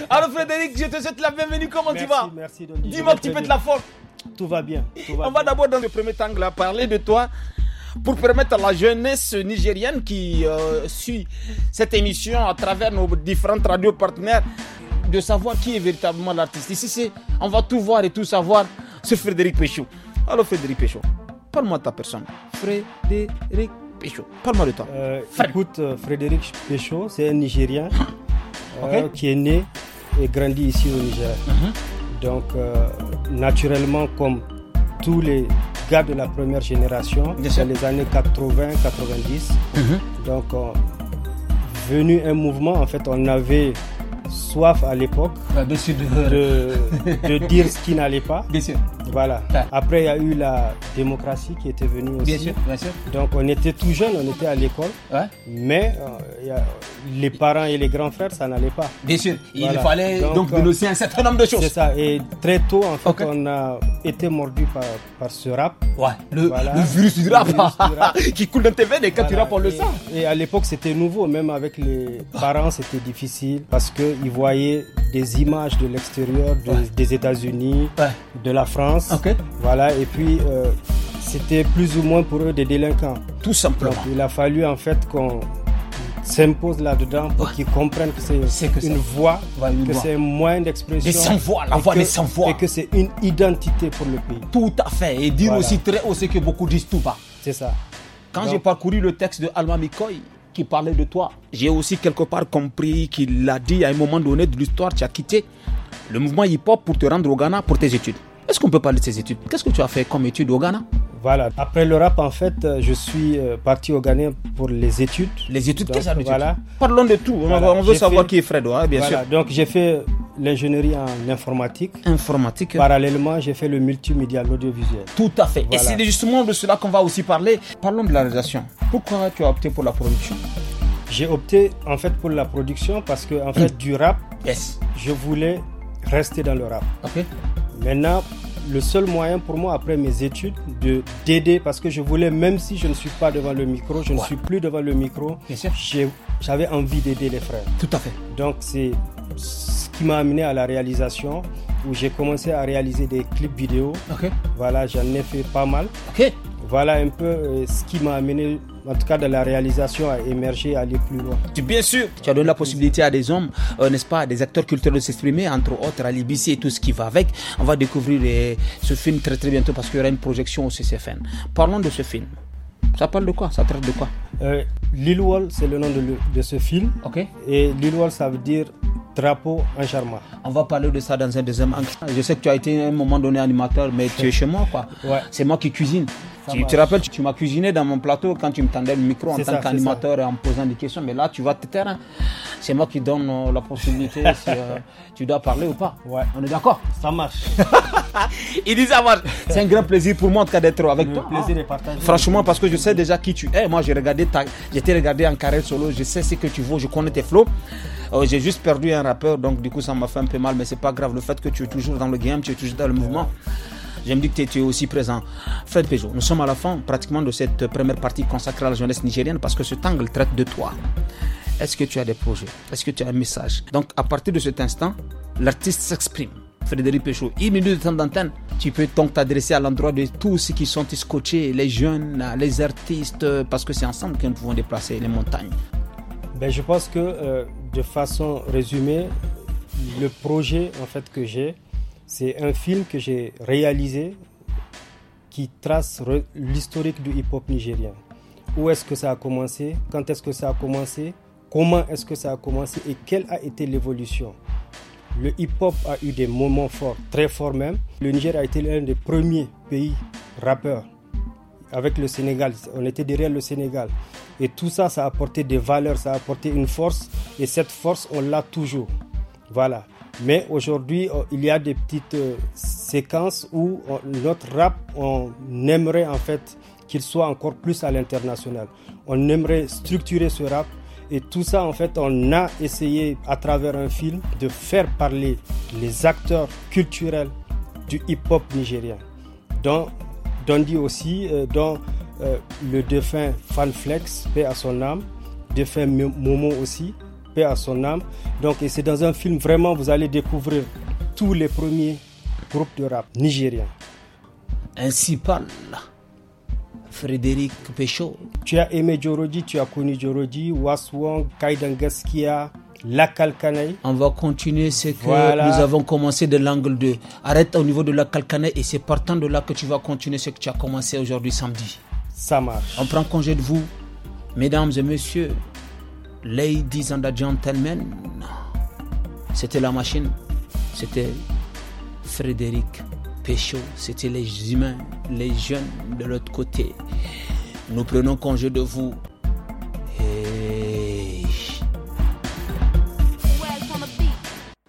Alors Frédéric, je te souhaite la bienvenue. Comment tu vas Merci, Dis-moi un petit peu de la force. Tout va bien. On va d'abord, dans le premier temps, là, parler de toi pour permettre à la jeunesse nigérienne qui euh, suit cette émission à travers nos différentes radios partenaires de savoir qui est véritablement l'artiste. Ici, c'est, on va tout voir et tout savoir sur Frédéric Péchaud. Alors, Frédéric Péchaud, parle-moi de ta personne. Frédéric Péchaud, parle-moi de toi. Euh, écoute, euh, Frédéric Péchaud, c'est un Nigérien qui est né et grandi ici au Niger. Mhm. Donc, euh, naturellement, comme tous les gars de la première génération, dans les années 80-90, mhm. donc, euh, venu un mouvement, en fait, on avait soif à l'époque bah, de, de, dire ce qui n'allait pas. Voilà. Après, il y a eu la démocratie qui était venue aussi. Bien sûr, Donc, on était tout jeunes, on était à l'école. Mais euh, les parents et les grands frères, ça n'allait pas. Bien sûr. Il fallait donc, donc euh, dénoncer un certain nombre de choses. C'est ça. Et très tôt, en fait, on a été mordu par, par ce rap. Le, virus du rap, qui coule dans tes veines et quand tu rappes, on le sent. Et à l'époque, c'était nouveau. Même avec les parents, c'était difficile parce que ils voyaient des images de l'extérieur, des États-Unis, de la France. Voilà, et puis euh, c'était plus ou moins pour eux des délinquants. Tout simplement. Donc, il a fallu en fait qu'on s'impose là-dedans pour qu'ils comprennent que c'est une voix, que c'est un moyen d'expression. voix voix Et que c'est une identité pour le pays. Tout à fait. Et dire aussi très haut ce que beaucoup disent tout bas. C'est ça. Quand j'ai parcouru le texte de Alma Mikoy, qui parlait de toi. J'ai aussi quelque part compris qu'il a dit à un moment donné de l'histoire, tu as quitté le mouvement hip-hop pour te rendre au Ghana pour tes études. Est-ce qu'on peut parler de ces études Qu'est-ce que tu as fait comme études au Ghana Voilà, après le rap, en fait, euh, je suis euh, parti au Ghana pour les études. Les études, qu'est-ce que ça Parlons de tout, on veut savoir qui est Fredo, hein, bien sûr. Donc j'ai fait l'ingénierie en informatique. Informatique. Parallèlement, j'ai fait le multimédia, l'audiovisuel. Tout à fait. Et c'est justement de cela qu'on va aussi parler. Parlons de la réalisation. Pourquoi tu as opté pour la production J'ai opté en fait pour la production parce que en fait mm. du rap, je voulais rester dans le rap. Ok. Maintenant, le seul moyen pour moi après mes études de d'aider parce que je voulais même si je ne suis pas devant le micro, je ne suis plus devant le micro, j'avais envie d'aider les frères. Tout à fait. Donc c'est m'a amené à la réalisation où j'ai commencé à réaliser des clips vidéo. Voilà, j'en ai fait pas mal. Ok. Voilà un peu euh, ce qui m'a amené, en tout cas de la réalisation, à émerger, à aller plus loin. tu Bien sûr, tu as donné la possibilité à des hommes, euh, n'est-ce pas, des acteurs culturels de s'exprimer, entre autres à l'IBC et tout ce qui va avec. On va découvrir euh, ce film très très bientôt parce qu'il y aura une projection au CCFN. Parlons de ce film. Ça parle de quoi Ça traite de quoi euh, Wall, c'est le nom de, de, ce film. Ok. Et Lil Wall, ça veut dire drapeau en Charma. On va parler de ça dans un deuxième Je sais que tu as été à un moment donné animateur, mais tu es chez moi, quoi. C'est moi qui cuisine. Tu te rappelles, tu, m'as cuisiné dans mon plateau quand tu me tendais le micro en tant qu'animateur et en posant des questions. Mais là, tu vas te taire. Hein. C'est moi qui donne euh, la possibilité si euh, tu dois parler ou pas. Ouais. On est d'accord Ça marche. Il dit ça marche. C'est un grand plaisir pour moi en tout cas d'être avec toi. Hein. Plaisir de partager. Franchement, parce que je sais déjà qui tu es. Moi, j'ai regardé ta... j'étais regardé en carré solo. Je sais ce que tu vaux. Je connais tes flots. Euh, j'ai juste perdu un rappeur, donc du coup, ça m'a fait un peu mal. Mais c'est pas grave. Le fait que tu es toujours dans le game, tu es toujours dans le mouvement j'aime bien que tu es aussi présent. Fred Peugeot, nous sommes à la fin pratiquement de cette première partie consacrée à la jeunesse nigérienne parce que ce tangle traite de toi. Est-ce que tu as des projets Est-ce que tu as un message Donc, à partir de cet instant, l'artiste s'exprime. Frédéric Peugeot, une minute de temps d'antenne. Tu peux donc t'adresser à l'endroit de tous ceux qui sont scotchés, les jeunes, les artistes, parce que c'est ensemble que nous pouvons déplacer les montagnes. Ben, je pense que, euh, de façon résumée, le projet en fait que j'ai, c'est un film que j'ai réalisé qui trace l'historique du hip-hop nigérien. Où est-ce que ça a commencé Quand est-ce que ça a commencé Comment est-ce que ça a commencé Et quelle a été l'évolution Le hip-hop a eu des moments forts, très forts même. Le Niger a été l'un des premiers pays rappeurs. Avec le Sénégal, on était derrière le Sénégal. Et tout ça, ça a apporté des valeurs, ça a apporté une force. Et cette force, on l'a toujours. Voilà. Mais aujourd'hui, euh, il y a des petites euh, séquences où euh, notre rap, on aimerait en fait qu'il soit encore plus à l'international. On aimerait structurer ce rap. Et tout ça, en fait, on a essayé à travers un film de faire parler les acteurs culturels du hip-hop nigérien, dont Dondi aussi, dont le défunt Fanflex, paix à son âme, défunt Momo aussi, paix à son âme. Donc, c'est dans un film vraiment, vous allez découvrir tous les premiers groupes de rap nigériens. Ainsi parle Frédéric Péchaud. Tu as aimé Jorodi, tu as connu Jorodi, Waswong, Kaidan la On va continuer ce que nous avons commencé de l'angle 2. Arrête au niveau de la Kalkanay et c'est partant de là que tu vas continuer ce que tu as commencé aujourd'hui samedi. Ça marche. On prend congé de vous, mesdames et messieurs. Ladies and Gentlemen, c'était la machine, c'était Frédéric Péchaud, c'était les humains, les jeunes de l'autre côté. Nous prenons congé de vous